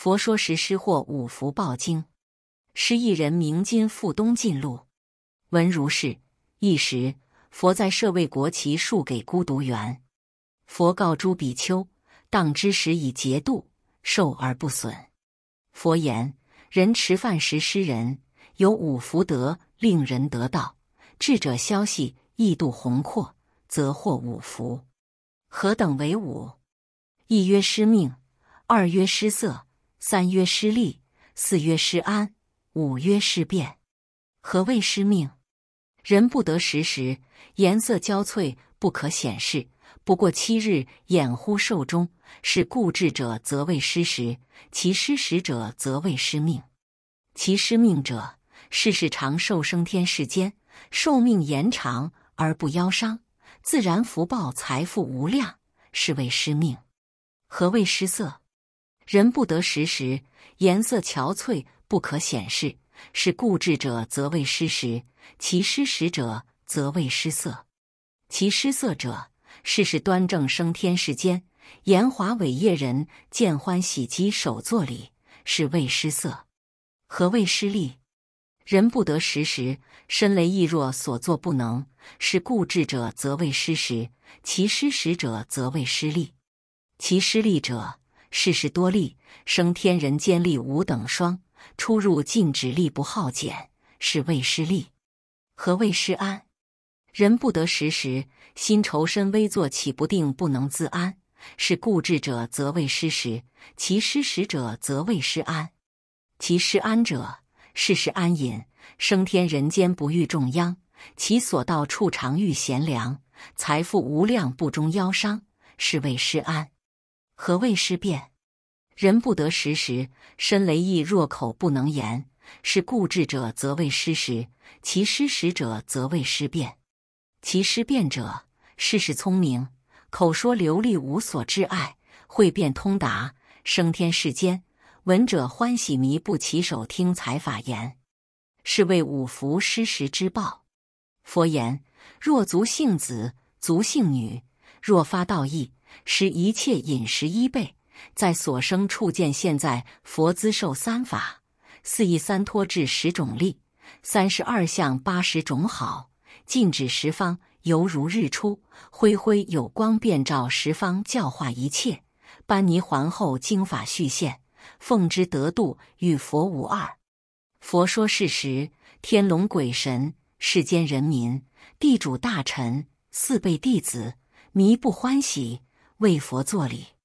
佛說食施獲五福報經，失譯人名今附東晉錄，聞如是。一時，佛在舍衛國祇樹給孤獨園。佛告諸比丘：當知食以節度，受而不損。佛言：人持飯食施人，有五福德，令人得道。智者消息，意度弘廓，則獲五福。何等為五？一曰施命，二曰施色。三曰施力，四曰施安，五曰施辯。何謂施命？人不得食時，顏色燋悴，不可顯示。不過七日，奄忽壽終。是故智者，則為施食；其施食者，則為施命。其施命者，世世長壽，生天世間，壽命延長而不夭傷，自然福報財富無量，是為施命。何謂施色？人不得食時，顏色憔悴，不可顯示。是故智者，則為施食；其施食者，則為施色；其施色者，世世端正，生天世間，顏華煒曄。人見歡喜，稽首作禮，是為施色。何謂施力？人不得食時，身羸意弱所作不能。是故智者，則為施食；其施食者，則為施力；其施力者。世世多力，生天人間力無等雙。出入進止，力不耗減，是為施力。何謂施安？人不得食時，心愁身危坐起不定，不能自安，是故智者則為施食；其施食者則為施安；其施安者，世世安隱，生天人間不遇眾殃，其所到處常遇賢良，財富無量不中夭傷，是為施安。何謂施辯？人不得食時，身羸意弱口不能言，是故智者則為施食；其施食者則為施辯；其施辯者，世世聰明，口說流利，無所躓礙，慧辯通達，生天世間，聞者歡喜靡不稽首聽採法言，是為五福施食之報。佛言：若族姓子、族姓女，若發道意。施一切飲食衣被，在所生處見現在佛諮，受三法，四意三脫，致十種力，三十二相，八十種好，進止十方，猶如日出，暉暉有光，遍照十方，教化一切。般泥洹後經法續現，奉之得度，與佛無二。佛說是時，天龍鬼神、世間人民、帝主大臣、四輩弟子，靡不歡喜。為佛作禮。